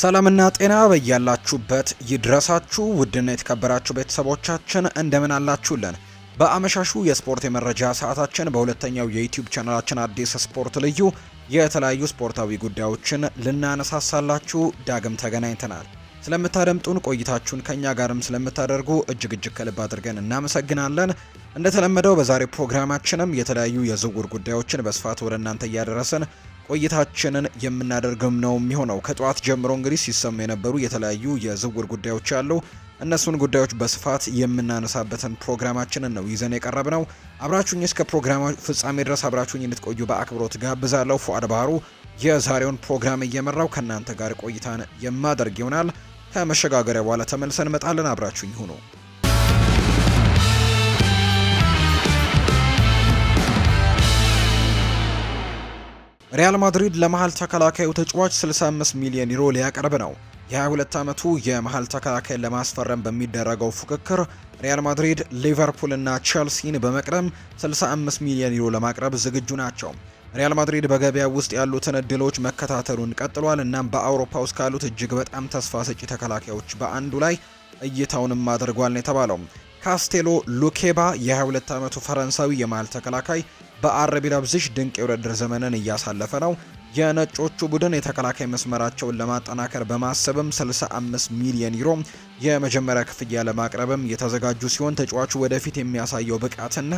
ሰላምና ጤና በያላችሁበት ይድረሳችሁ ውድና የተከበራችሁ ቤተሰቦቻችን እንደምን አላችሁልን? በአመሻሹ የስፖርት የመረጃ ሰዓታችን በሁለተኛው የዩቲዩብ ቻናላችን አዲስ ስፖርት ልዩ የተለያዩ ስፖርታዊ ጉዳዮችን ልናነሳሳላችሁ ዳግም ተገናኝተናል። ስለምታደምጡን ቆይታችሁን ከኛ ጋርም ስለምታደርጉ እጅግ እጅግ ከልብ አድርገን እናመሰግናለን። እንደተለመደው በዛሬ ፕሮግራማችንም የተለያዩ የዝውውር ጉዳዮችን በስፋት ወደ እናንተ እያደረስን ቆይታችንን የምናደርግም ነው የሚሆነው። ከጠዋት ጀምሮ እንግዲህ ሲሰሙ የነበሩ የተለያዩ የዝውውር ጉዳዮች አሉ። እነሱን ጉዳዮች በስፋት የምናነሳበትን ፕሮግራማችንን ነው ይዘን የቀረብ ነው። አብራችሁኝ እስከ ፕሮግራም ፍጻሜ ድረስ አብራችሁኝ እንድትቆዩ በአክብሮት ጋብዛለሁ። ፉአድ ባህሩ የዛሬውን ፕሮግራም እየመራው ከእናንተ ጋር ቆይታን የማደርግ ይሆናል። ከመሸጋገሪያ በኋላ ተመልሰን እንመጣለን። አብራችሁኝ ሁኑ። ሪያል ማድሪድ ለመሃል ተከላካዩ ተጫዋች 65 ሚሊዮን ዩሮ ሊያቀርብ ነው። የ22 ዓመቱ የመሃል ተከላካይ ለማስፈረም በሚደረገው ፉክክር ሪያል ማድሪድ፣ ሊቨርፑል እና ቼልሲን በመቅደም 65 ሚሊዮን ዩሮ ለማቅረብ ዝግጁ ናቸው። ሪያል ማድሪድ በገበያ ውስጥ ያሉትን እድሎች መከታተሉን ቀጥሏል። እናም በአውሮፓ ውስጥ ካሉት እጅግ በጣም ተስፋ ሰጪ ተከላካዮች በአንዱ ላይ እይታውንም አድርጓል ነው የተባለው። ካስቴሎ ሉኬባ የ22 ዓመቱ ፈረንሳዊ የመሃል ተከላካይ በአርቢ ድንቅ የውድድር ዘመንን እያሳለፈ ነው። የነጮቹ ቡድን የተከላካይ መስመራቸውን ለማጠናከር በማሰብም 65 ሚሊዮን ዩሮ የመጀመሪያ ክፍያ ለማቅረብም የተዘጋጁ ሲሆን ተጫዋቹ ወደፊት የሚያሳየው ብቃትና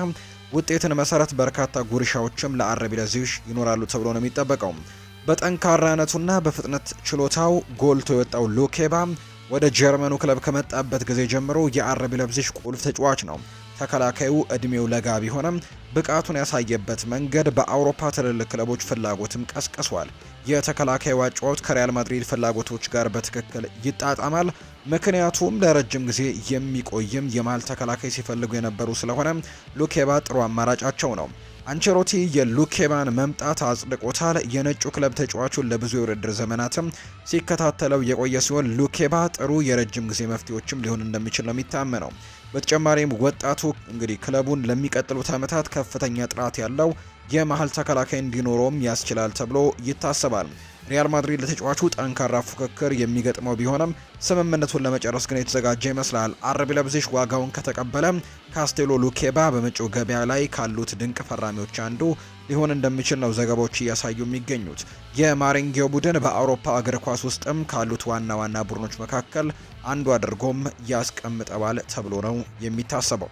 ውጤትን መሰረት በርካታ ጉርሻዎችም ለአረቢ ይኖራሉ ተብሎ ነው የሚጠበቀው። በጠንካራነቱና በፍጥነት ችሎታው ጎልቶ የወጣው ሉኬባ ወደ ጀርመኑ ክለብ ከመጣበት ጊዜ ጀምሮ የአረብ ለብዚሽ ቁልፍ ተጫዋች ነው። ተከላካዩ እድሜው ለጋ ቢሆንም ብቃቱን ያሳየበት መንገድ በአውሮፓ ትልልቅ ክለቦች ፍላጎትም ቀስቅሷል። የተከላካዩ አጫዋት ከሪያል ማድሪድ ፍላጎቶች ጋር በትክክል ይጣጣማል። ምክንያቱም ለረጅም ጊዜ የሚቆይም የመሀል ተከላካይ ሲፈልጉ የነበሩ ስለሆነ ሉኬባ ጥሩ አማራጫቸው ነው። አንቸሮቲ የሉኬማን መምጣት አጽድቆታል። የነጩ ክለብ ተጫዋቹን ለብዙ የውድድር ዘመናትም ሲከታተለው የቆየ ሲሆን ሉኬባ ጥሩ የረጅም ጊዜ መፍትሄዎችም ሊሆን እንደሚችል ነው የሚታመነው። በተጨማሪም ወጣቱ እንግዲህ ክለቡን ለሚቀጥሉት ዓመታት ከፍተኛ ጥራት ያለው የመሀል ተከላካይ እንዲኖረውም ያስችላል ተብሎ ይታሰባል። ሪያል ማድሪድ ለተጫዋቹ ጠንካራ ፉክክር የሚገጥመው ቢሆንም ስምምነቱን ለመጨረስ ግን የተዘጋጀ ይመስላል። አርቢ ለብዚሽ ዋጋውን ከተቀበለ ካስቴሎ ሉኬባ በመጪው ገበያ ላይ ካሉት ድንቅ ፈራሚዎች አንዱ ሊሆን እንደሚችል ነው ዘገባዎች እያሳዩ የሚገኙት። የማሪንጌው ቡድን በአውሮፓ እግር ኳስ ውስጥም ካሉት ዋና ዋና ቡድኖች መካከል አንዱ አድርጎም ያስቀምጠዋል ተብሎ ነው የሚታሰበው።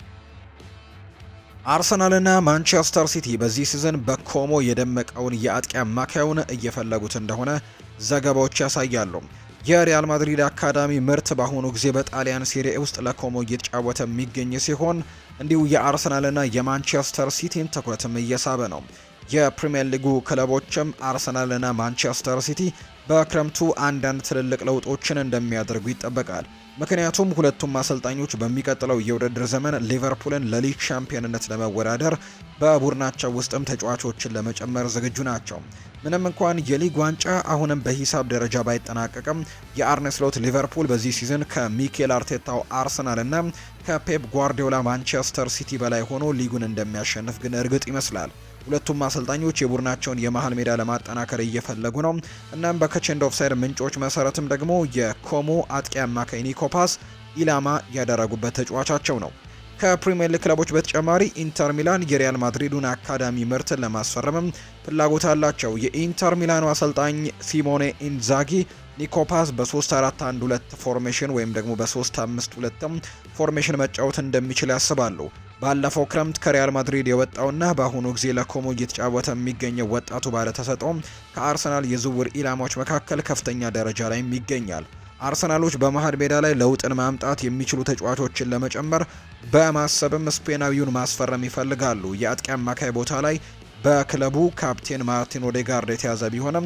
አርሰናልና ማንቸስተር ሲቲ በዚህ ሲዝን በኮሞ የደመቀውን የአጥቂ አማካዩን እየፈለጉት እንደሆነ ዘገባዎች ያሳያሉ። የሪያል ማድሪድ አካዳሚ ምርት በአሁኑ ጊዜ በጣሊያን ሴሪኤ ውስጥ ለኮሞ እየተጫወተ የሚገኝ ሲሆን እንዲሁ የአርሰናልና የማንቸስተር ሲቲን ትኩረትም እየሳበ ነው። የፕሪምየር ሊጉ ክለቦችም አርሰናልና ማንቸስተር ሲቲ በክረምቱ አንዳንድ ትልልቅ ለውጦችን እንደሚያደርጉ ይጠበቃል። ምክንያቱም ሁለቱም አሰልጣኞች በሚቀጥለው የውድድር ዘመን ሊቨርፑልን ለሊግ ሻምፒዮንነት ለመወዳደር በቡድናቸው ውስጥም ተጫዋቾችን ለመጨመር ዝግጁ ናቸው። ምንም እንኳን የሊግ ዋንጫ አሁንም በሂሳብ ደረጃ ባይጠናቀቅም የአርነ ስሎት ሊቨርፑል በዚህ ሲዝን ከሚኬል አርቴታው አርሰናል እና ከፔፕ ጓርዲዮላ ማንቸስተር ሲቲ በላይ ሆኖ ሊጉን እንደሚያሸንፍ ግን እርግጥ ይመስላል። ሁለቱም አሰልጣኞች የቡድናቸውን የመሀል ሜዳ ለማጠናከር እየፈለጉ ነው። እናም በከቼንድ ኦፍሳይድ ምንጮች መሰረትም ደግሞ የኮሞ አጥቂ አማካይ ኒኮፓስ ኢላማ ያደረጉበት ተጫዋቻቸው ነው። ከፕሪሚየር ሊግ ክለቦች በተጨማሪ ኢንተር ሚላን የሪያል ማድሪዱን አካዳሚ ምርትን ለማስፈረምም ፍላጎት አላቸው። የኢንተር ሚላኑ አሰልጣኝ ሲሞኔ ኢንዛጊ ኒኮፓስ በ 3 4 1 ፎርሜሽን ወይም ደግሞ በ 3 5 ፎርሜሽን መጫወት እንደሚችል ያስባሉ። ባለፈው ክረምት ከሪያል ማድሪድ የወጣውና በአሁኑ ጊዜ ለኮሞ እየተጫወተ የሚገኘው ወጣቱ ባለተሰጥኦም ከአርሰናል የዝውውር ኢላማዎች መካከል ከፍተኛ ደረጃ ላይም ይገኛል። አርሰናሎች በመሃል ሜዳ ላይ ለውጥን ማምጣት የሚችሉ ተጫዋቾችን ለመጨመር በማሰብም ስፔናዊውን ማስፈረም ይፈልጋሉ። የአጥቂ አማካይ ቦታ ላይ በክለቡ ካፕቴን ማርቲን ኦዴጋርድ የተያዘ ቢሆንም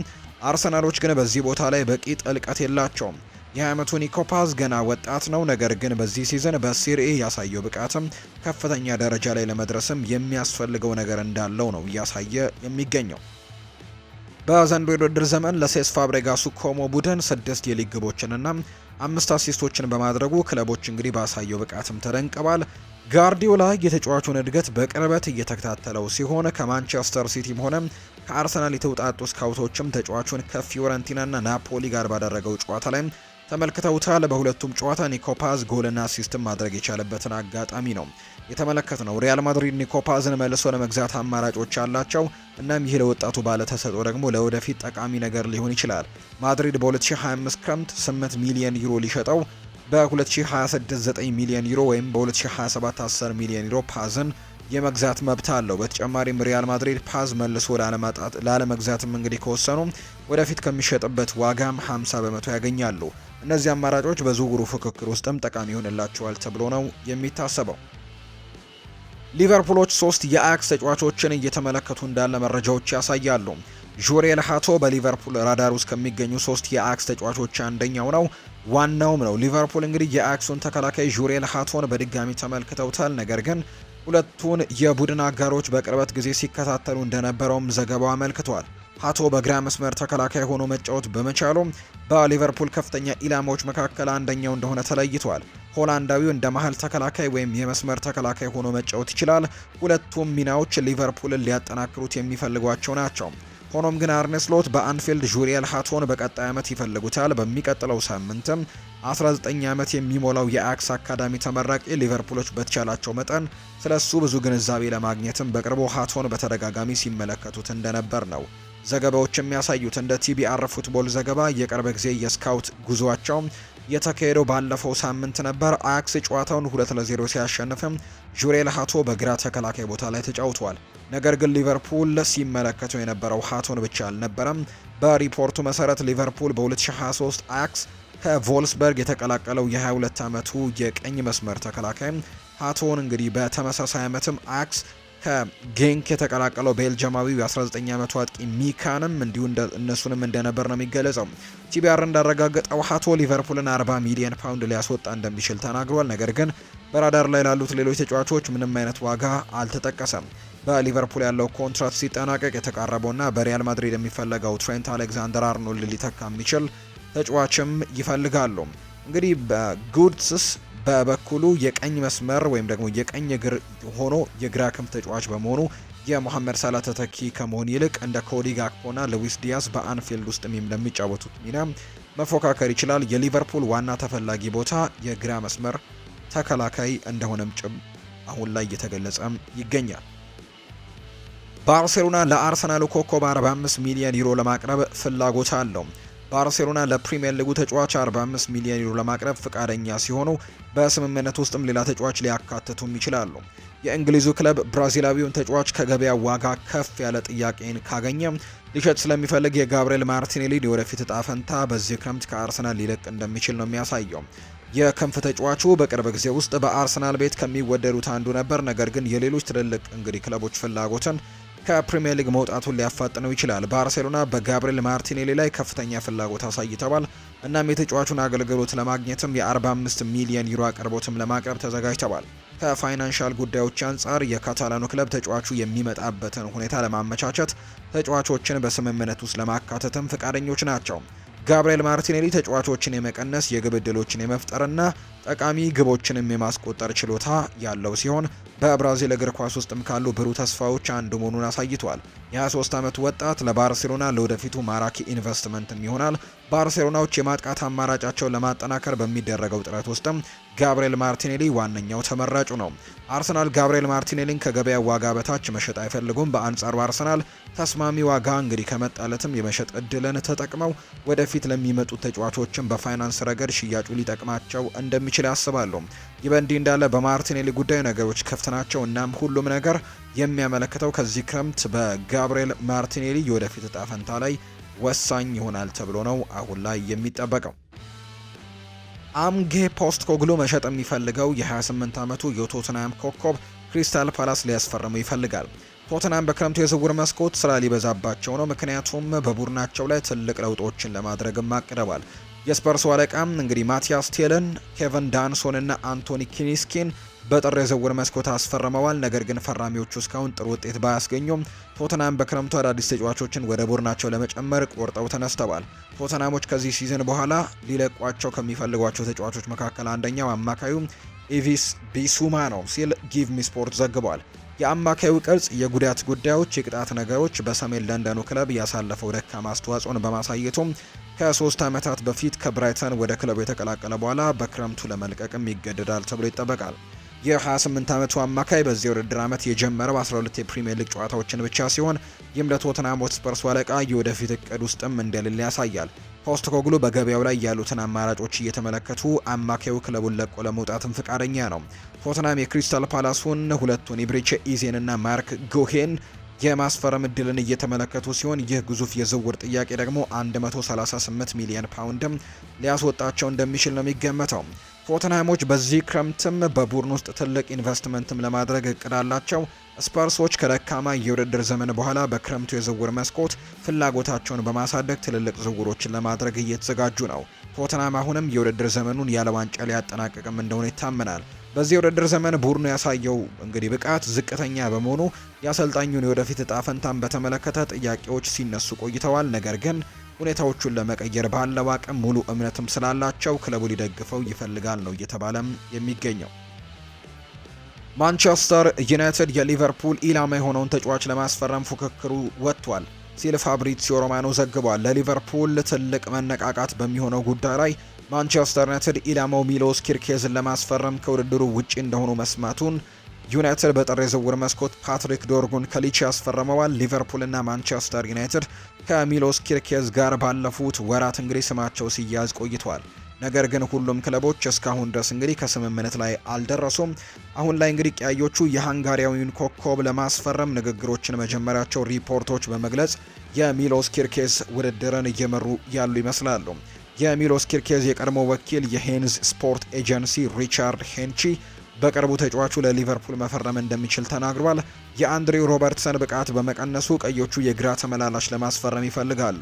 አርሰናሎች ግን በዚህ ቦታ ላይ በቂ ጥልቀት የላቸውም። የአመቱ ኒኮፓዝ ገና ወጣት ነው፣ ነገር ግን በዚህ ሲዝን በሲሪኤ ያሳየው ብቃትም ከፍተኛ ደረጃ ላይ ለመድረስም የሚያስፈልገው ነገር እንዳለው ነው እያሳየ የሚገኘው። በዘንድሮ የውድድር ዘመን ለሴስ ፋብሬጋሱ ኮሞ ቡድን ስድስት የሊግ ግቦችንና አምስት አሲስቶችን በማድረጉ ክለቦች እንግዲህ ባሳየው ብቃትም ተደንቀዋል። ጋርዲዮላ የተጫዋቹን እድገት በቅርበት እየተከታተለው ሲሆን ከማንቸስተር ሲቲም ሆነ ከአርሰናል የተውጣጡ ስካውቶችም ተጫዋቹን ከፊዮረንቲናና ናፖሊ ጋር ባደረገው ጨዋታ ላይ ተመልክተውታል። በሁለቱም ጨዋታ ኒኮፓዝ ጎልና አሲስትም ማድረግ የቻለበትን አጋጣሚ ነው የተመለከት ነው። ሪያል ማድሪድ ኒኮፓዝን መልሶ ለመግዛት አማራጮች አላቸው። እናም ይህ ለወጣቱ ባለተሰጦ ደግሞ ለወደፊት ጠቃሚ ነገር ሊሆን ይችላል። ማድሪድ በ2025 ክረምት 8 ሚሊዮን ዩሮ ሊሸጠው በ2026 9 ሚሊዮን ዩሮ ወይም በ2027 10 ሚሊዮን ዩሮ ፓዝን የመግዛት መብት አለው። በተጨማሪም ሪያል ማድሪድ ፓዝ መልሶ ላለማጣት ላለመግዛትም እንግዲህ ከወሰኑ ወደፊት ከሚሸጥበት ዋጋም 50 በመቶ ያገኛሉ። እነዚህ አማራጮች በዝውውሩ ፍክክር ውስጥም ጠቃሚ ይሆንላቸዋል ተብሎ ነው የሚታሰበው። ሊቨርፑሎች ሶስት የአያክስ ተጫዋቾችን እየተመለከቱ እንዳለ መረጃዎች ያሳያሉ። ዡሪየል ሃቶ በሊቨርፑል ራዳር ውስጥ ከሚገኙ ሶስት የአያክስ ተጫዋቾች አንደኛው ነው፣ ዋናውም ነው። ሊቨርፑል እንግዲህ የአያክሱን ተከላካይ ዡሪየል ሃቶን በድጋሚ ተመልክተውታል። ነገር ግን ሁለቱን የቡድን አጋሮች በቅርበት ጊዜ ሲከታተሉ እንደነበረውም ዘገባው አመልክቷል። ሀቶ በግራ መስመር ተከላካይ ሆኖ መጫወት በመቻሉ በሊቨርፑል ከፍተኛ ኢላማዎች መካከል አንደኛው እንደሆነ ተለይቷል። ሆላንዳዊው እንደ መሀል ተከላካይ ወይም የመስመር ተከላካይ ሆኖ መጫወት ይችላል። ሁለቱም ሚናዎች ሊቨርፑልን ሊያጠናክሩት የሚፈልጓቸው ናቸው። ሆኖም ግን አርኔስሎት በአንፊልድ ጁሪየል ሀቶን በቀጣይ ዓመት ይፈልጉታል። በሚቀጥለው ሳምንትም 19 ዓመት የሚሞላው የአክስ አካዳሚ ተመራቂ ሊቨርፑሎች በተቻላቸው መጠን ስለ እሱ ብዙ ግንዛቤ ለማግኘትም በቅርቡ ሀቶን በተደጋጋሚ ሲመለከቱት እንደነበር ነው ዘገባዎች የሚያሳዩት። እንደ ቲቢአር ፉትቦል ዘገባ የቅርብ ጊዜ የስካውት ጉዞቸው የተካሄደው ባለፈው ሳምንት ነበር። አያክስ ጨዋታውን ለ0 ሲያሸንፍም ጁሬል ሀቶ በግራ ተከላካይ ቦታ ላይ ተጫውቷል። ነገር ግን ሊቨርፑል ሲመለከተው የነበረው ሀቶን ብቻ አልነበረም። በሪፖርቱ መሰረት ሊቨርፑል በ2023 አያክስ ከቮልስበርግ የተቀላቀለው የ22 ዓመቱ የቀኝ መስመር ተከላካይ ሀቶን እንግዲህ በተመሳሳይ ዓመትም አክስ ከጌንክ የተቀላቀለው ቤልጅማዊው የ19 ዓመቱ አጥቂ ሚካንም እንዲሁ እነሱንም እንደነበር ነው የሚገለጸው። ቲቢአር እንዳረጋገጠው ሀቶ ሊቨርፑልን 40 ሚሊዮን ፓውንድ ሊያስወጣ እንደሚችል ተናግሯል። ነገር ግን በራዳር ላይ ላሉት ሌሎች ተጫዋቾች ምንም አይነት ዋጋ አልተጠቀሰም። በሊቨርፑል ያለው ኮንትራት ሲጠናቀቅ የተቃረበውና በሪያል ማድሪድ የሚፈለገው ትሬንት አሌክዛንደር አርኖልድ ሊተካ የሚችል ተጫዋችም ይፈልጋሉ። እንግዲህ በጉድስስ በበኩሉ የቀኝ መስመር ወይም ደግሞ የቀኝ እግር ሆኖ የግራ ክንፍ ተጫዋች በመሆኑ የሞሐመድ ሳላ ተተኪ ከመሆን ይልቅ እንደ ኮዲ ጋክፖና ሉዊስ ዲያስ በአንፊልድ ውስጥ ለሚጫወቱት ሚና መፎካከር ይችላል። የሊቨርፑል ዋና ተፈላጊ ቦታ የግራ መስመር ተከላካይ እንደሆነም ጭም አሁን ላይ እየተገለጸ ይገኛል። ባርሴሎና ለአርሰናሉ ኮከብ 45 ሚሊዮን ዩሮ ለማቅረብ ፍላጎት አለው። ባርሴሎና ለፕሪምየር ሊጉ ተጫዋች 45 ሚሊዮን ዩሮ ለማቅረብ ፈቃደኛ ሲሆኑ በስምምነት ውስጥም ሌላ ተጫዋች ሊያካትቱም ይችላሉ። የእንግሊዙ ክለብ ብራዚላዊውን ተጫዋች ከገበያ ዋጋ ከፍ ያለ ጥያቄን ካገኘ ሊሸጥ ስለሚፈልግ የጋብርኤል ማርቲኔሊ የወደፊት እጣ ፈንታ በዚህ ክረምት ከአርሰናል ሊለቅ እንደሚችል ነው የሚያሳየው። የክንፍ ተጫዋቹ በቅርብ ጊዜ ውስጥ በአርሰናል ቤት ከሚወደዱት አንዱ ነበር። ነገር ግን የሌሎች ትልልቅ እንግዲህ ክለቦች ፍላጎትን ከፕሪምየር ሊግ መውጣቱን ሊያፋጥነው ይችላል። ባርሴሎና በጋብሪኤል ማርቲኔሊ ላይ ከፍተኛ ፍላጎት አሳይተዋል። እናም የተጫዋቹን አገልግሎት ለማግኘትም የ45 ሚሊዮን ዩሮ አቅርቦትም ለማቅረብ ተዘጋጅተዋል። ከፋይናንሻል ጉዳዮች አንጻር የካታላኑ ክለብ ተጫዋቹ የሚመጣበትን ሁኔታ ለማመቻቸት ተጫዋቾችን በስምምነት ውስጥ ለማካተትም ፈቃደኞች ናቸው። ጋብሪኤል ማርቲኔሊ ተጫዋቾችን የመቀነስ የግብ ዕድሎችን የመፍጠርና ጠቃሚ ግቦችንም የማስቆጠር ችሎታ ያለው ሲሆን በብራዚል እግር ኳስ ውስጥም ካሉ ብሩህ ተስፋዎች አንዱ መሆኑን አሳይቷል። የ23 ዓመቱ ወጣት ለባርሴሎና ለወደፊቱ ማራኪ ኢንቨስትመንትም ይሆናል። ባርሴሎናዎች የማጥቃት አማራጫቸውን ለማጠናከር በሚደረገው ጥረት ውስጥም ጋብርኤል ማርቲኔሊ ዋነኛው ተመራጩ ነው። አርሰናል ጋብርኤል ማርቲኔሊን ከገበያ ዋጋ በታች መሸጥ አይፈልጉም። በአንጻሩ አርሰናል ተስማሚ ዋጋ እንግዲህ ከመጣለትም የመሸጥ እድልን ተጠቅመው ወደፊት ለሚመጡት ተጫዋቾችም በፋይናንስ ረገድ ሽያጩ ሊጠቅማቸው እንደሚ እንደሚችል ያስባሉ። ይህ በእንዲህ እንዳለ በማርቲኔሊ ጉዳይ ነገሮች ክፍት ናቸው። እናም ሁሉም ነገር የሚያመለክተው ከዚህ ክረምት በጋብርኤል ማርቲኔሊ የወደፊት እጣ ፈንታ ላይ ወሳኝ ይሆናል ተብሎ ነው አሁን ላይ የሚጠበቀው። አምጌ ፖስት ኮግሎ መሸጥ የሚፈልገው የ28 ዓመቱ የቶትናም ኮከብ ክሪስታል ፓላስ ሊያስፈርመው ይፈልጋል። ቶትናም በክረምቱ የዝውውር መስኮት ስራ ሊበዛባቸው ነው፣ ምክንያቱም በቡድናቸው ላይ ትልቅ ለውጦችን ለማድረግም አቅደዋል። የስፐርሱ አለቃም እንግዲህ ማቲያስ ቴልን፣ ኬቨን ዳንሶን እና አንቶኒ ኪኒስኪን በጥር የዝውውር መስኮት አስፈርመዋል። ነገር ግን ፈራሚዎቹ እስካሁን ጥሩ ውጤት ባያስገኙም ቶተናም በክረምቱ አዳዲስ ተጫዋቾችን ወደ ቡድናቸው ለመጨመር ቆርጠው ተነስተዋል። ቶተናሞች ከዚህ ሲዝን በኋላ ሊለቋቸው ከሚፈልጓቸው ተጫዋቾች መካከል አንደኛው አማካዩ ኢቪስ ቢሱማ ነው ሲል ጊቭ ሚ ስፖርት ዘግቧል። የአማካዩ ቅርጽ፣ የጉዳት ጉዳዮች፣ የቅጣት ነገሮች በሰሜን ለንደኑ ክለብ ያሳለፈው ደካማ አስተዋጽኦን በማሳየቱም ከሶስት ዓመታት በፊት ከብራይተን ወደ ክለቡ የተቀላቀለ በኋላ በክረምቱ ለመልቀቅም ይገደዳል ተብሎ ይጠበቃል። የ28 ዓመቱ አማካይ በዚህ የውድድር ዓመት የጀመረው 12 የፕሪምየር ሊግ ጨዋታዎችን ብቻ ሲሆን ይህም ለቶትናም ሆትስፐርሱ አለቃ የወደፊት እቅድ ውስጥም እንደሌለ ያሳያል። ፖስተኮግሉ በገበያው ላይ ያሉትን አማራጮች እየተመለከቱ አማካዩ ክለቡን ለቆ ለመውጣትም ፍቃደኛ ነው። ቶትናም የክሪስታል ፓላሱን ሁለቱን ኢብሪቼ ኢዜንና ማርክ ጎሄን የማስፈረም እድልን እየተመለከቱ ሲሆን ይህ ግዙፍ የዝውውር ጥያቄ ደግሞ 138 ሚሊዮን ፓውንድም ሊያስወጣቸው እንደሚችል ነው የሚገመተው። ቶተንሃሞች በዚህ ክረምትም በቡድን ውስጥ ትልቅ ኢንቨስትመንትም ለማድረግ እቅድ አላቸው። ስፐርሶች ከደካማ የውድድር ዘመን በኋላ በክረምቱ የዝውውር መስኮት ፍላጎታቸውን በማሳደግ ትልልቅ ዝውውሮችን ለማድረግ እየተዘጋጁ ነው። ቶተንሃም አሁንም የውድድር ዘመኑን ያለ ዋንጫ ሊያጠናቅቅም እንደሆነ ይታመናል። በዚህ የውድድር ዘመን ቡድኑ ያሳየው እንግዲህ ብቃት ዝቅተኛ በመሆኑ የአሰልጣኙን የወደፊት እጣ ፈንታን በተመለከተ ጥያቄዎች ሲነሱ ቆይተዋል። ነገር ግን ሁኔታዎቹን ለመቀየር ባለው አቅም ሙሉ እምነትም ስላላቸው ክለቡ ሊደግፈው ይፈልጋል ነው እየተባለም የሚገኘው። ማንቸስተር ዩናይትድ የሊቨርፑል ኢላማ የሆነውን ተጫዋች ለማስፈረም ፉክክሩ ወጥቷል ሲል ፋብሪዚዮ ሮማኖ ዘግቧል። ለሊቨርፑል ትልቅ መነቃቃት በሚሆነው ጉዳይ ላይ ማንቸስተር ዩናይትድ ኢላማው ሚሎስ ኪርኬዝን ለማስፈረም ከውድድሩ ውጪ እንደሆኑ መስማቱን ዩናይትድ በጥር የዝውውር መስኮት ፓትሪክ ዶርጉን ከሊቺ ያስፈረመዋል። ሊቨርፑልና ማንቸስተር ዩናይትድ ከሚሎስ ኪርኬዝ ጋር ባለፉት ወራት እንግዲህ ስማቸው ሲያዝ ቆይቷል። ነገር ግን ሁሉም ክለቦች እስካሁን ድረስ እንግዲህ ከስምምነት ላይ አልደረሱም። አሁን ላይ እንግዲህ ቀያዮቹ የሃንጋሪያዊውን ኮከብ ለማስፈረም ንግግሮችን መጀመራቸው ሪፖርቶች በመግለጽ የሚሎስ ኪርኬዝ ውድድርን እየመሩ ያሉ ይመስላሉ። የሚሎስ ኪርኬዝ የቀድሞ ወኪል የሄንዝ ስፖርት ኤጀንሲ ሪቻርድ ሄንቺ በቅርቡ ተጫዋቹ ለሊቨርፑል መፈረም እንደሚችል ተናግሯል። የአንድሬው ሮበርትሰን ብቃት በመቀነሱ ቀዮቹ የግራ ተመላላሽ ለማስፈረም ይፈልጋሉ።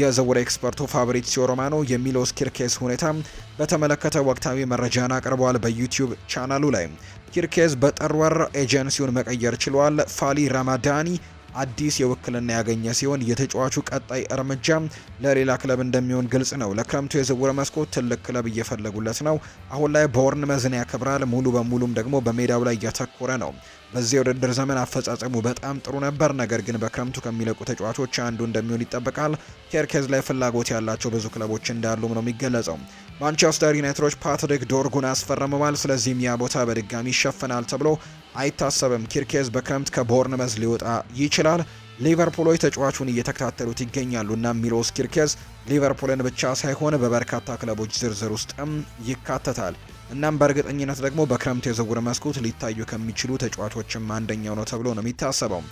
የዝውውር ኤክስፐርቱ ፋብሪዚዮ ሮማኖ የሚሎስ ኪርኬዝ ሁኔታ በተመለከተ ወቅታዊ መረጃን አቅርበዋል። በዩቲዩብ ቻናሉ ላይ ኪርኬዝ በጥር ወር ኤጀንሲውን መቀየር ችሏል። ፋሊ ራማዳኒ አዲስ የውክልና ያገኘ ሲሆን የተጫዋቹ ቀጣይ እርምጃ ለሌላ ክለብ እንደሚሆን ግልጽ ነው። ለክረምቱ የዝውውር መስኮት ትልቅ ክለብ እየፈለጉለት ነው። አሁን ላይ መዝን ያከብራል፣ ሙሉ በሙሉም ደግሞ በሜዳው ላይ እያተኮረ ነው። በዚህ የውድድር ዘመን አፈጻጸሙ በጣም ጥሩ ነበር፣ ነገር ግን በክረምቱ ከሚለቁ ተጫዋቾች አንዱ እንደሚሆን ይጠበቃል። ኬርኬዝ ላይ ፍላጎት ያላቸው ብዙ ክለቦች እንዳሉም ነው የሚገለጸው። ማንቸስተር ዩናይትዶች ፓትሪክ ዶርጉን አስፈርመዋል። ስለዚህም ያ ቦታ በድጋሚ ይሸፈናል ተብሎ አይታሰብም። ኬርኬዝ በክረምት ከቦርንመዝ ሊወጣ ይችላል። ሊቨርፑሎች ተጫዋቹን እየተከታተሉት ይገኛሉ እና ሚሎስ ኪርኬዝ ሊቨርፑልን ብቻ ሳይሆን በበርካታ ክለቦች ዝርዝር ውስጥም ይካተታል። እናም በእርግጠኝነት ደግሞ በክረምት የዝውውር መስኮት ሊታዩ ከሚችሉ ተጫዋቾችም አንደኛው ነው ተብሎ ነው የሚታሰበው።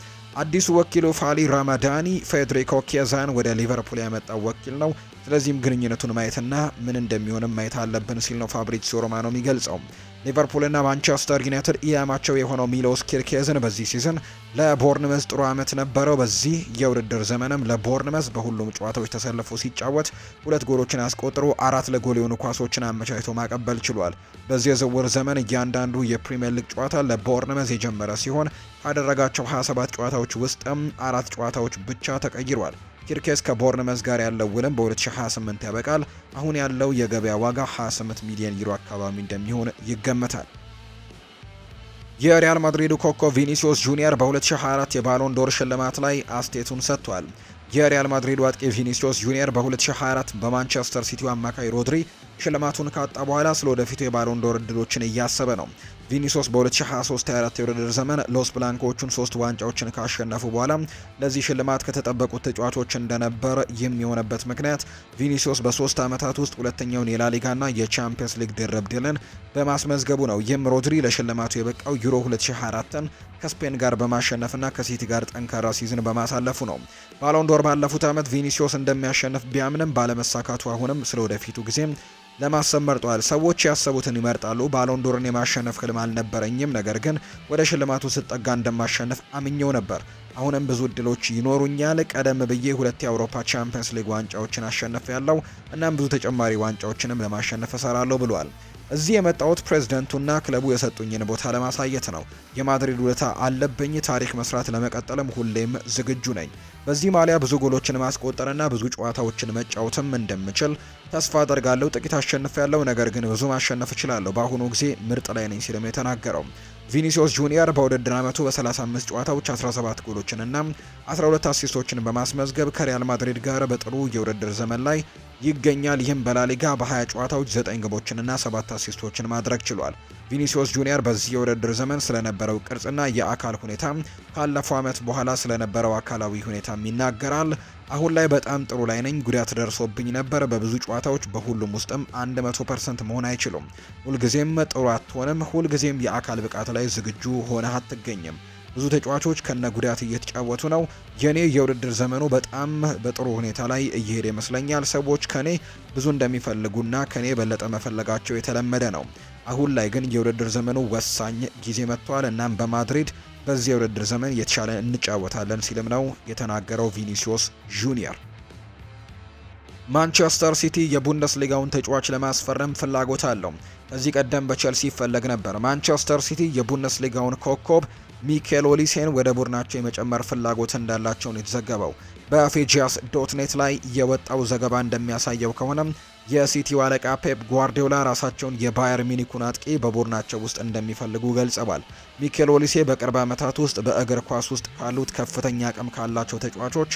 አዲሱ ወኪሉ ፋሊ ራማዳኒ ፌዴሪኮ ኬዛን ወደ ሊቨርፑል ያመጣው ወኪል ነው። ስለዚህም ግንኙነቱን ማየትና ምን እንደሚሆንም ማየት አለብን ሲል ነው ፋብሪዚዮ ሮማኖ የሚገልጸው። ሊቨርፑልና ማንቸስተር ዩናይትድ ኢላማቸው የሆነው ሚሎስ ኪርኬዝን በዚህ ሲዝን ለቦርንመዝ ጥሩ ዓመት ነበረው። በዚህ የውድድር ዘመንም ለቦርንመዝ በሁሉም ጨዋታዎች ተሰልፎ ሲጫወት ሁለት ጎሎችን አስቆጥሮ አራት ለጎል የሆኑ ኳሶችን አመቻችቶ ማቀበል ችሏል። በዚህ የዝውውር ዘመን እያንዳንዱ የፕሪምየር ሊግ ጨዋታ ለቦርንመዝ የጀመረ ሲሆን ካደረጋቸው 27 ጨዋታዎች ውስጥም አራት ጨዋታዎች ብቻ ተቀይሯል። ኪርኬስ ከቦርንመስ ጋር ያለው ውልም በ2028 ያበቃል። አሁን ያለው የገበያ ዋጋ 28 ሚሊዮን ዩሮ አካባቢ እንደሚሆን ይገመታል። የሪያል ማድሪዱ ኮከብ ቪኒሲዮስ ጁኒየር በ2024 የባሎን ዶር ሽልማት ላይ አስቴቱን ሰጥቷል። የሪያል ማድሪድ አጥቂ ቪኒሲዮስ ጁኒየር በ2024 በማንቸስተር ሲቲው አማካይ ሮድሪ ሽልማቱን ካጣ በኋላ ስለ ወደፊቱ የባሎንዶር እድሎችን እያሰበ ነው። ቪኒሲዮስ በ2023/24 የውድድር ዘመን ሎስ ብላንኮቹን ሶስት ዋንጫዎችን ካሸነፉ በኋላ ለዚህ ሽልማት ከተጠበቁት ተጫዋቾች እንደነበር የሚሆነበት ምክንያት ቪኒሲዮስ በሶስት ዓመታት ውስጥ ሁለተኛውን የላሊጋና የቻምፒየንስ ሊግ ድርብ ድልን በማስመዝገቡ ነው። ይህም ሮድሪ ለሽልማቱ የበቃው ዩሮ 2024ን ከስፔን ጋር በማሸነፍና ከሲቲ ጋር ጠንካራ ሲዝን በማሳለፉ ነው። ባሎንዶር ባለፉት ዓመት ቪኒሲዮስ እንደሚያሸንፍ ቢያምንም ባለመሳካቱ አሁንም ስለ ወደፊቱ ጊዜ ለማሰብ መርጧል። ሰዎች ያሰቡትን ይመርጣሉ። ባሎንዶርን የማሸነፍ ህልም አልነበረኝም፣ ነገር ግን ወደ ሽልማቱ ስጠጋ እንደማሸነፍ አምኘው ነበር። አሁንም ብዙ እድሎች ይኖሩኛል። ቀደም ብዬ ሁለት የአውሮፓ ቻምፒየንስ ሊግ ዋንጫዎችን አሸነፍ ያለው እናም ብዙ ተጨማሪ ዋንጫዎችንም ለማሸነፍ እሰራለሁ ብሏል። እዚህ የመጣሁት ፕሬዝደንቱና ክለቡ የሰጡኝን ቦታ ለማሳየት ነው። የማድሪድ ውለታ አለብኝ። ታሪክ መስራት ለመቀጠልም ሁሌም ዝግጁ ነኝ። በዚህ ማሊያ ብዙ ጎሎችን ማስቆጠርና ብዙ ጨዋታዎችን መጫወትም እንደምችል ተስፋ አደርጋለሁ። ጥቂት አሸንፍ ያለው ነገር ግን ብዙ ማሸነፍ እችላለሁ። በአሁኑ ጊዜ ምርጥ ላይ ነኝ ሲልም የተናገረው ቪኒሲዮስ ጁኒየር በውድድር ዓመቱ በ35 ጨዋታዎች 17 እና 12 አሲስቶችን በማስመዝገብ ከሪያል ማድሪድ ጋር በጥሩ የውድድር ዘመን ላይ ይገኛል። ይህም በላሊጋ በ20 ጨዋታዎች 9 ግቦችንና 7 አሲስቶችን ማድረግ ችሏል። ቪኒሲዮስ ጁኒየር በዚህ የውድድር ዘመን ስለነበረው ቅርጽና የአካል ሁኔታ ካለፈው ዓመት በኋላ ስለነበረው አካላዊ ሁኔታም ይናገራል። አሁን ላይ በጣም ጥሩ ላይ ነኝ። ጉዳት ደርሶብኝ ነበር በብዙ ጨዋታዎች። በሁሉም ውስጥም 100 ፐርሰንት መሆን አይችሉም። ሁልጊዜም ጥሩ አትሆንም። ሁልጊዜም የአካል ብቃት ላይ ዝግጁ ሆነህ አትገኝም። ብዙ ተጫዋቾች ከነ ጉዳት እየተጫወቱ ነው። የኔ የውድድር ዘመኑ በጣም በጥሩ ሁኔታ ላይ እየሄደ ይመስለኛል። ሰዎች ከኔ ብዙ እንደሚፈልጉና ከኔ የበለጠ መፈለጋቸው የተለመደ ነው። አሁን ላይ ግን የውድድር ዘመኑ ወሳኝ ጊዜ መጥቷል። እናም በማድሪድ በዚህ የውድድር ዘመን የተሻለ እንጫወታለን ሲልም ነው የተናገረው ቪኒሲዮስ ጁኒየር። ማንቸስተር ሲቲ የቡንደስሊጋውን ተጫዋች ለማስፈረም ፍላጎት አለው። ከዚህ ቀደም በቼልሲ ይፈለግ ነበር። ማንቸስተር ሲቲ የቡንደስሊጋውን ኮከብ ሚኬል ኦሊሴን ወደ ቡድናቸው የመጨመር ፍላጎት እንዳላቸው ነው የተዘገበው። በፌጂያስ ዶት ኔት ላይ የወጣው ዘገባ እንደሚያሳየው ከሆነ የሲቲው አለቃ ፔፕ ጓርዲዮላ ራሳቸውን የባየር ሚኒኩን አጥቂ በቡድናቸው ውስጥ እንደሚፈልጉ ገልጸዋል። ሚኬል ኦሊሴ በቅርብ ዓመታት ውስጥ በእግር ኳስ ውስጥ ካሉት ከፍተኛ አቅም ካላቸው ተጫዋቾች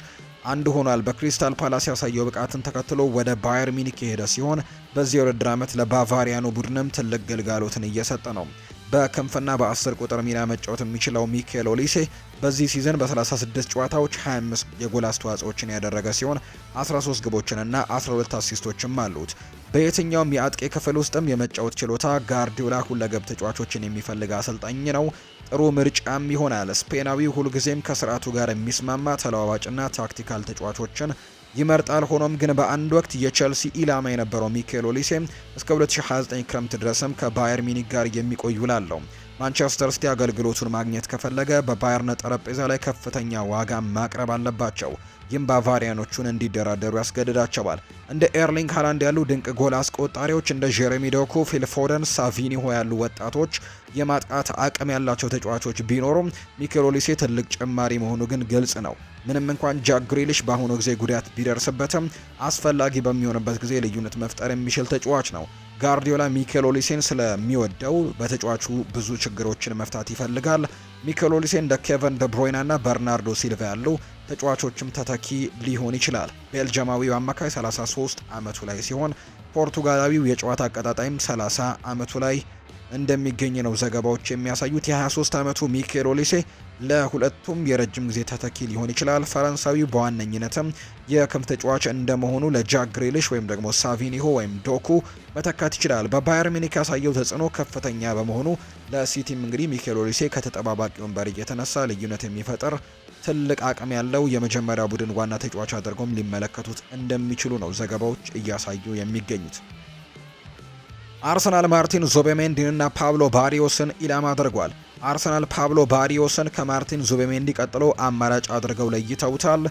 አንድ ሆኗል። በክሪስታል ፓላስ ያሳየው ብቃትን ተከትሎ ወደ ባየር ሚኒክ የሄደ ሲሆን በዚህ የውድድር ዓመት ለባቫሪያኑ ቡድንም ትልቅ ግልጋሎትን እየሰጠ ነው። በክንፍና በ10 ቁጥር ሚና መጫወት የሚችለው ሚኬል ኦሊሴ በዚህ ሲዝን በ36 ጨዋታዎች 25 የጎል አስተዋጽኦችን ያደረገ ሲሆን 13 ግቦችንና 12 አሲስቶችም አሉት። በየትኛውም የአጥቂ ክፍል ውስጥም የመጫወት ችሎታ ጋርዲዮላ ሁለገብ ተጫዋቾችን የሚፈልግ አሰልጣኝ ነው። ጥሩ ምርጫም ይሆናል። ስፔናዊ ሁልጊዜም ከስርዓቱ ጋር የሚስማማ ተለዋዋጭና ታክቲካል ተጫዋቾችን ይመርጣል። ሆኖም ግን በአንድ ወቅት የቸልሲ ኢላማ የነበረው ሚካኤል ኦሊሴ እስከ 2029 ክረምት ድረስም ከባየር ሚኒክ ጋር የሚቆይ ውል አለው። ማንቸስተር ሲቲ አገልግሎቱን ማግኘት ከፈለገ በባየርን ጠረጴዛ ላይ ከፍተኛ ዋጋ ማቅረብ አለባቸው። ይህም ባቫሪያኖቹን እንዲደራደሩ ያስገድዳቸዋል። እንደ ኤርሊንግ ሃላንድ ያሉ ድንቅ ጎል አስቆጣሪዎች፣ እንደ ጀሬሚ ዶኩ፣ ፊልፎደን፣ ሳቪኒሆ ያሉ ወጣቶች የማጥቃት አቅም ያላቸው ተጫዋቾች ቢኖሩም ሚኬል ኦሊሴ ትልቅ ጭማሪ መሆኑ ግን ግልጽ ነው። ምንም እንኳን ጃክ ግሪሊሽ በአሁኑ ጊዜ ጉዳት ቢደርስበትም አስፈላጊ በሚሆንበት ጊዜ ልዩነት መፍጠር የሚችል ተጫዋች ነው። ጋርዲዮላ ሚኬል ኦሊሴን ስለሚወደው በተጫዋቹ ብዙ ችግሮችን መፍታት ይፈልጋል። ሚኬል ኦሊሴን እንደ ኬቨን ደብሮይና ና በርናርዶ ሲልቫ ያሉ ተጫዋቾችም ተተኪ ሊሆን ይችላል። ቤልጅማዊው አማካይ 33 ዓመቱ ላይ ሲሆን ፖርቱጋላዊው የጨዋታ አቀጣጣይም 30 ዓመቱ ላይ እንደሚገኝ ነው ዘገባዎች የሚያሳዩት። የ23 ዓመቱ ሚኬል ኦሊሴ ለሁለቱም የረጅም ጊዜ ተተኪ ሊሆን ይችላል። ፈረንሳዊው በዋነኝነትም የክንፍ ተጫዋች እንደመሆኑ ለጃክ ግሪሊሽ ወይም ደግሞ ሳቪኒሆ ወይም ዶኩ መተካት ይችላል። በባየር ሚኒክ ያሳየው ተጽዕኖ ከፍተኛ በመሆኑ ለሲቲም እንግዲህ ሚኬል ኦሊሴ ከተጠባባቂ ወንበር እየተነሳ ልዩነት የሚፈጥር ትልቅ አቅም ያለው የመጀመሪያ ቡድን ዋና ተጫዋች አድርገውም ሊመለከቱት እንደሚችሉ ነው ዘገባዎች እያሳዩ የሚገኙት። አርሰናል ማርቲን ዙቤሜንዲንና ፓብሎ ባሪዮስን ኢላማ አድርጓል። አርሰናል ፓብሎ ባሪዮስን ከማርቲን ዙቤሜንዲ ቀጥሎ አማራጭ አድርገው ለይተውታል።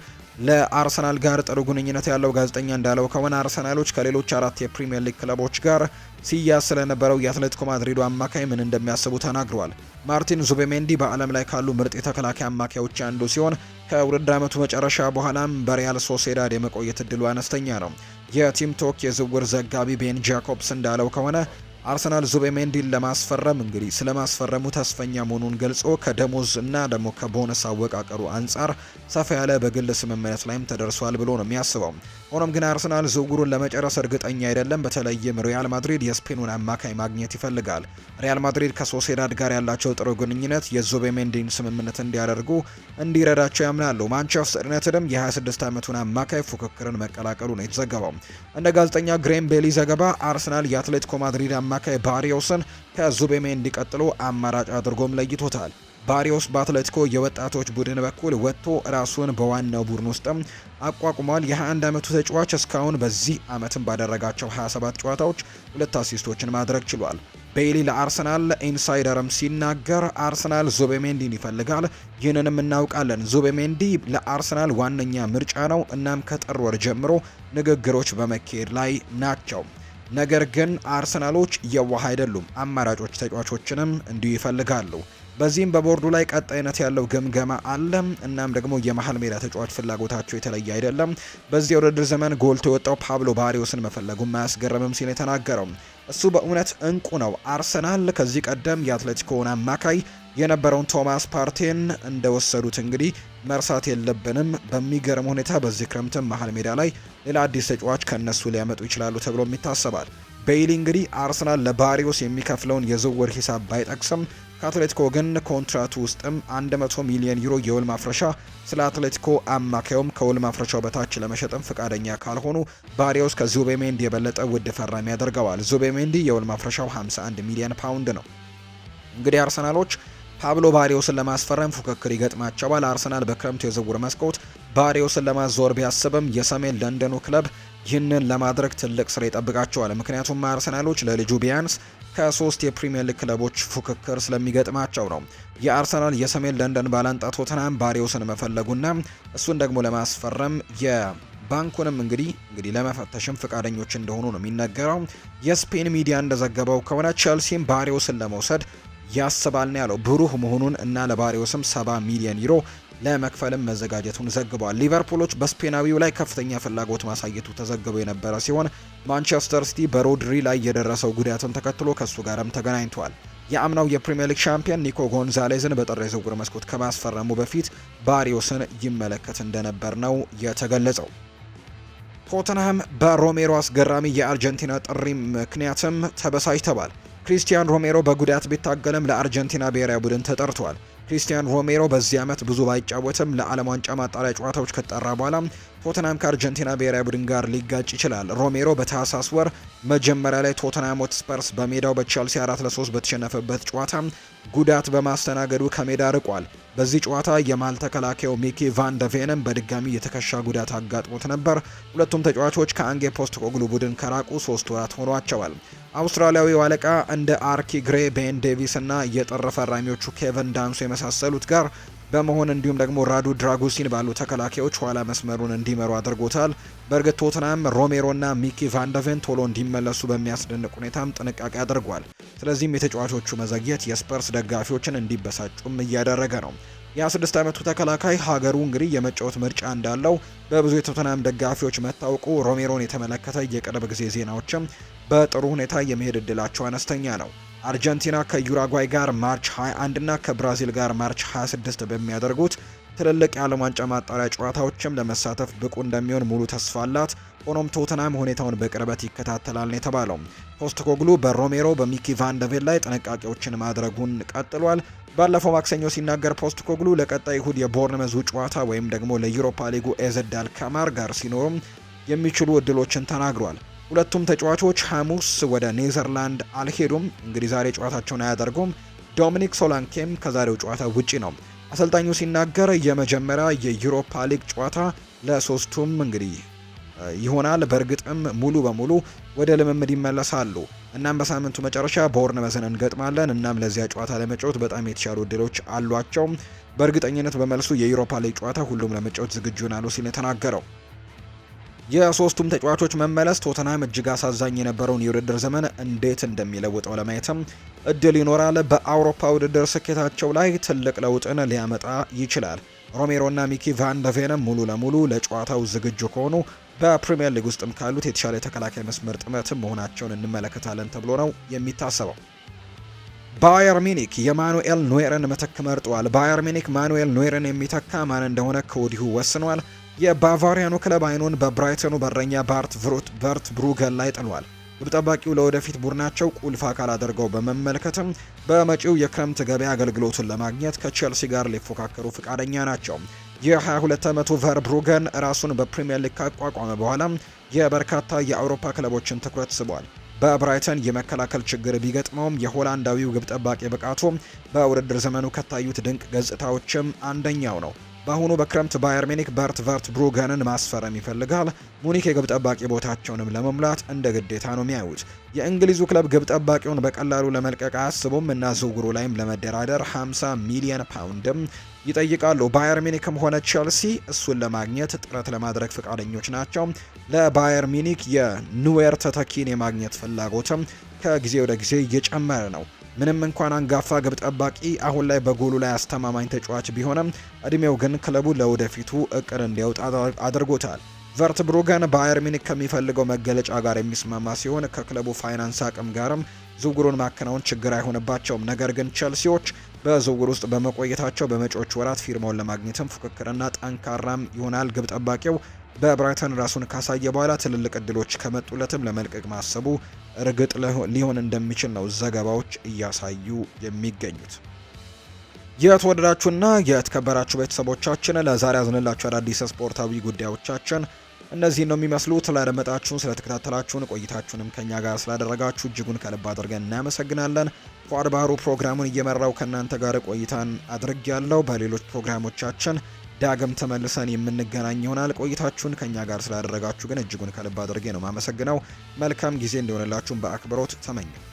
ለአርሰናል ጋር ጥሩ ግንኙነት ያለው ጋዜጠኛ እንዳለው ከሆነ አርሰናሎች ከሌሎች አራት የፕሪምየር ሊግ ክለቦች ጋር ሲያዝ ስለነበረው የአትሌቲኮ ማድሪዱ አማካይ ምን እንደሚያስቡ ተናግሯል። ማርቲን ዙቤሜንዲ በዓለም ላይ ካሉ ምርጥ የተከላካይ አማካዮች አንዱ ሲሆን ከውድድር ዓመቱ መጨረሻ በኋላም በሪያል ሶሴዳድ የመቆየት እድሉ አነስተኛ ነው። የቲም ቶክ የዝውውር ዘጋቢ ቤን ጃኮብስ እንዳለው ከሆነ አርሰናል ዙቤሜንዲን ለማስፈረም እንግዲህ ስለማስፈረሙ ተስፈኛ መሆኑን ገልጾ ከደሞዝ እና ደግሞ ከቦነስ አወቃቀሩ አንጻር ሰፋ ያለ በግል ስምምነት ላይም ተደርሷል ብሎ ነው የሚያስበው። ሆኖም ግን አርሰናል ዝውውሩን ለመጨረስ እርግጠኛ አይደለም። በተለይም ሪያል ማድሪድ የስፔኑን አማካይ ማግኘት ይፈልጋል። ሪያል ማድሪድ ከሶሴዳድ ጋር ያላቸው ጥሩ ግንኙነት የዙቤሜንዲን ስምምነት እንዲያደርጉ እንዲረዳቸው ያምናሉ። ማንቸስተር ዩናይትድም የ26 ዓመቱን አማካይ ፉክክርን መቀላቀሉ ነው የተዘገበው። እንደ ጋዜጠኛ ግሬም ቤሊ ዘገባ አርሰናል የአትሌቲኮ ማድሪድ አማካይ ባሪዮስን ከዙቤሜ እንዲቀጥሉ አማራጭ አድርጎም ለይቶታል። ባሪዮስ በአትሌቲኮ የወጣቶች ቡድን በኩል ወጥቶ ራሱን በዋናው ቡድን ውስጥም አቋቁሟል። የ21 ዓመቱ ተጫዋች እስካሁን በዚህ ዓመትም ባደረጋቸው 27 ጨዋታዎች ሁለት አሲስቶችን ማድረግ ችሏል። ቤይሊ ለአርሰናል ኢንሳይደርም ሲናገር አርሰናል ዙቤሜንዲን ይፈልጋል፣ ይህንንም እናውቃለን። ዙቤሜንዲ ለአርሰናል ዋነኛ ምርጫ ነው። እናም ከጥር ወር ጀምሮ ንግግሮች በመካሄድ ላይ ናቸው። ነገር ግን አርሰናሎች የዋህ አይደሉም። አማራጮች ተጫዋቾችንም እንዲሁ ይፈልጋሉ። በዚህም በቦርዱ ላይ ቀጣይነት ያለው ግምገማ አለ። እናም ደግሞ የመሀል ሜዳ ተጫዋች ፍላጎታቸው የተለየ አይደለም። በዚህ የውድድር ዘመን ጎልቶ የወጣው ፓብሎ ባሪዮስን መፈለጉ አያስገርምም ሲል የተናገረው እሱ በእውነት እንቁ ነው። አርሰናል ከዚህ ቀደም የአትሌቲኮን አማካይ የነበረውን ቶማስ ፓርቴን እንደወሰዱት እንግዲህ መርሳት የለብንም። በሚገርም ሁኔታ በዚህ ክረምትም መሀል ሜዳ ላይ ሌላ አዲስ ተጫዋች ከእነሱ ሊያመጡ ይችላሉ ተብሎም ይታሰባል። ቤይሊ እንግዲህ አርሰናል ለባሪዮስ የሚከፍለውን የዝውውር ሂሳብ ባይጠቅስም ከአትሌቲኮ ግን ኮንትራቱ ውስጥም 100 ሚሊዮን ዩሮ የውል ማፍረሻ ስለ አትሌቲኮ አማካዩም ከውል ማፍረሻው በታች ለመሸጥም ፈቃደኛ ካልሆኑ ባሪዮስ ከዙቤሜንዲ የበለጠ ውድ ፈራሚ ያደርገዋል። ዙቤሜንዲ የውል ማፍረሻው 51 ሚሊዮን ፓውንድ ነው። እንግዲህ አርሰናሎች ፓብሎ ባሪዮስን ለማስፈረም ፉክክር ይገጥማቸዋል። አርሰናል በክረምቱ የዝውውር መስኮት ባሪዮስን ለማዞር ቢያስብም የሰሜን ለንደኑ ክለብ ይህንን ለማድረግ ትልቅ ስራ ይጠብቃቸዋል። ምክንያቱም አርሰናሎች ለልጁ ቢያንስ ከሶስት የፕሪምየር ሊግ ክለቦች ፉክክር ስለሚገጥማቸው ነው። የአርሰናል የሰሜን ለንደን ባላንጣ ቶተናም ባሪዮስን መፈለጉና እሱን ደግሞ ለማስፈረም የባንኩንም እንግዲህ እንግዲህ ለመፈተሽም ፍቃደኞች እንደሆኑ ነው የሚነገረው። የስፔን ሚዲያ እንደዘገበው ከሆነ ቸልሲም ባሪዮስን ለመውሰድ ያስባል ነው ያለው። ብሩህ መሆኑን እና ለባሪው ስም 70 ሚሊዮን ዩሮ ለመክፈልም መዘጋጀቱን ዘግቧል። ሊቨርፑሎች በስፔናዊው ላይ ከፍተኛ ፍላጎት ማሳየቱ ተዘግቦ የነበረ ሲሆን ማንቸስተር ሲቲ በሮድሪ ላይ የደረሰው ጉዳትን ተከትሎ ከሱ ጋርም ተገናኝቷል። የአምናው የፕሪምየር ሊግ ሻምፒዮን ኒኮ ጎንዛሌዝን በጥር የዝውውር መስኮት ከማስፈረሙ በፊት ባሪዮስን ይመለከት እንደነበር ነው የተገለጸው። ቶተንሃም በሮሜሮ አስገራሚ የአርጀንቲና ጥሪ ምክንያትም ተበሳጭተዋል። ክሪስቲያን ሮሜሮ በጉዳት ቢታገልም ለአርጀንቲና ብሔራዊ ቡድን ተጠርቷል። ክሪስቲያን ሮሜሮ በዚህ ዓመት ብዙ ባይጫወትም ለዓለም ዋንጫ ማጣሪያ ጨዋታዎች ከጠራ በኋላ ቶተናም ከአርጀንቲና ብሔራዊ ቡድን ጋር ሊጋጭ ይችላል። ሮሜሮ በታህሳስ ወር መጀመሪያ ላይ ቶተናም ሆትስፐርስ በሜዳው በቼልሲ 4 3 በተሸነፈበት ጨዋታ ጉዳት በማስተናገዱ ከሜዳ ርቋል። በዚህ ጨዋታ የማል ተከላካዩ ሚኪ ቫን ደቬንም በድጋሚ የትከሻ ጉዳት አጋጥሞት ነበር። ሁለቱም ተጫዋቾች ከአንጌ ኮግሉ ቡድን ከራቁ ሶስት ወራት ሆኗቸዋል። አውስትራሊያዊው አለቃ እንደ አርኪ ግሬ፣ ቤን ዴቪስ እና የጥር ፈራሚዎቹ ኬቨን ዳንሶ የመሳሰሉት ጋር በመሆን እንዲሁም ደግሞ ራዱ ድራጉሲን ባሉ ተከላካዮች ኋላ መስመሩን እንዲመሩ አድርጎታል። በእርግጥ ቶትናም ሮሜሮና ሚኪ ቫንደቨን ቶሎ እንዲመለሱ በሚያስደንቅ ሁኔታም ጥንቃቄ አድርጓል። ስለዚህም የተጫዋቾቹ መዘግየት የስፐርስ ደጋፊዎችን እንዲበሳጩም እያደረገ ነው። የ26 ዓመቱ ተከላካይ ሀገሩ እንግዲህ የመጫወት ምርጫ እንዳለው በብዙ የቶተናም ደጋፊዎች መታወቁ ሮሜሮን የተመለከተ የቅርብ ጊዜ ዜናዎችም በጥሩ ሁኔታ የመሄድ እድላቸው አነስተኛ ነው። አርጀንቲና ከዩራጓይ ጋር ማርች 21 እና ከብራዚል ጋር ማርች 26 በሚያደርጉት ትልልቅ የዓለም ዋንጫ ማጣሪያ ጨዋታዎችም ለመሳተፍ ብቁ እንደሚሆን ሙሉ ተስፋ አላት። ሆኖም ቶተናም ሁኔታውን በቅርበት ይከታተላል ነው የተባለው። ፖስተኮግሉ በሮሜሮ በሚኪ ቫንደቬል ላይ ጥንቃቄዎችን ማድረጉን ቀጥሏል። ባለፈው ማክሰኞ ሲናገር ፖስትኮግሉ ለቀጣይ እሁድ የቦርንመዙ ጨዋታ ወይም ደግሞ ለዩሮፓ ሊጉ ኤዘዳል ከማር ጋር ሲኖሩም የሚችሉ እድሎችን ተናግሯል። ሁለቱም ተጫዋቾች ሐሙስ ወደ ኔዘርላንድ አልሄዱም። እንግዲህ ዛሬ ጨዋታቸውን አያደርጉም። ዶሚኒክ ሶላንኬም ከዛሬው ጨዋታ ውጪ ነው። አሰልጣኙ ሲናገር የመጀመሪያ የዩሮፓ ሊግ ጨዋታ ለሶስቱም እንግዲህ ይሆናል። በእርግጥም ሙሉ በሙሉ ወደ ልምምድ ይመለሳሉ። እናም በሳምንቱ መጨረሻ ቦርንመዝን እንገጥማለን። እናም ለዚያ ጨዋታ ለመጫወት በጣም የተሻሉ እድሎች አሏቸው። በእርግጠኝነት በመልሱ የዩሮፓ ሊግ ጨዋታ ሁሉም ለመጫወት ዝግጁ ናሉ ሲል የተናገረው የሶስቱም ተጫዋቾች መመለስ ቶተናም እጅግ አሳዛኝ የነበረውን የውድድር ዘመን እንዴት እንደሚለውጠው ለማየትም እድል ይኖራል። በአውሮፓ ውድድር ስኬታቸው ላይ ትልቅ ለውጥን ሊያመጣ ይችላል። ሮሜሮና ሚኪ ቫንደቬንም ሙሉ ለሙሉ ለጨዋታው ዝግጁ ከሆኑ በፕሪምየር ሊግ ውስጥም ካሉት የተሻለ የተከላካይ መስመር ጥመትም መሆናቸውን እንመለከታለን ተብሎ ነው የሚታሰበው። ባየር ሚኒክ የማኑኤል ኖየርን ምትክ መርጧል። ባየር ሚኒክ ማኑኤል ኖየርን የሚተካ ማን እንደሆነ ከወዲሁ ወስኗል። የባቫሪያኑ ክለብ አይኑን በብራይተኑ በረኛ ባርት ቭሩት በርት ብሩገን ላይ ጥሏል። ግብ ጠባቂው ለወደፊት ቡድናቸው ቁልፍ አካል አድርገው በመመልከትም በመጪው የክረምት ገበያ አገልግሎቱን ለማግኘት ከቼልሲ ጋር ሊፎካከሩ ፈቃደኛ ናቸው። የ22 ዓመቱ ቨር ብሩገን ራሱን በፕሪምየር ሊግ ካቋቋመ በኋላ የበርካታ የአውሮፓ ክለቦችን ትኩረት ስቧል። በብራይተን የመከላከል ችግር ቢገጥመውም የሆላንዳዊው ግብ ጠባቂ ብቃቱ በውድድር ዘመኑ ከታዩት ድንቅ ገጽታዎችም አንደኛው ነው። በአሁኑ በክረምት ባየር ሚኒክ በርት ቨርት ብሩገንን ማስፈረም ይፈልጋል። ሙኒክ የግብ ጠባቂ ቦታቸውንም ለመሙላት እንደ ግዴታ ነው የሚያዩት። የእንግሊዙ ክለብ ግብ ጠባቂውን በቀላሉ ለመልቀቅ አያስቡም እና ዝውውሩ ላይም ለመደራደር 50 ሚሊየን ፓውንድም ይጠይቃሉ። ባየር ሚኒክም ሆነ ቼልሲ እሱን ለማግኘት ጥረት ለማድረግ ፈቃደኞች ናቸው። ለባየር ሚኒክ የኑዌር ተተኪን የማግኘት ፍላጎትም ከጊዜ ወደ ጊዜ እየጨመረ ነው። ምንም እንኳን አንጋፋ ግብ ጠባቂ አሁን ላይ በጎሉ ላይ አስተማማኝ ተጫዋች ቢሆንም እድሜው ግን ክለቡ ለወደፊቱ እቅድ እንዲያወጣ አድርጎታል። ቨርት ብሩገን ባየር ሚኒክ ከሚፈልገው መገለጫ ጋር የሚስማማ ሲሆን ከክለቡ ፋይናንስ አቅም ጋርም ዝውውሩን ማከናወን ችግር አይሆንባቸውም። ነገር ግን ቸልሲዎች በዝውውር ውስጥ በመቆየታቸው በመጪዎች ወራት ፊርማውን ለማግኘትም ፉክክርና ጠንካራም ይሆናል። ግብ ጠባቂው በብራይተን ራሱን ካሳየ በኋላ ትልልቅ እድሎች ከመጡለትም ለመልቀቅ ማሰቡ እርግጥ ሊሆን እንደሚችል ነው ዘገባዎች እያሳዩ የሚገኙት። የተወደዳችሁና የተከበራችሁ ቤተሰቦቻችን ለዛሬ ያዝንላችሁ አዳዲስ ስፖርታዊ ጉዳዮቻችን እነዚህ ነው የሚመስሉት። ስላደመጣችሁን፣ ስለተከታተላችሁን ቆይታችሁንም ከኛ ጋር ስላደረጋችሁ እጅጉን ከልብ አድርገን እናመሰግናለን። ፏድ ባህሩ ፕሮግራሙን እየመራው ከእናንተ ጋር ቆይታን አድርግ ያለው በሌሎች ፕሮግራሞቻችን ዳግም ተመልሰን የምንገናኝ ይሆናል። ቆይታችሁን ከእኛ ጋር ስላደረጋችሁ ግን እጅጉን ከልብ አድርጌ ነው ማመሰግነው። መልካም ጊዜ እንደሆነላችሁን በአክብሮት ተመኘው።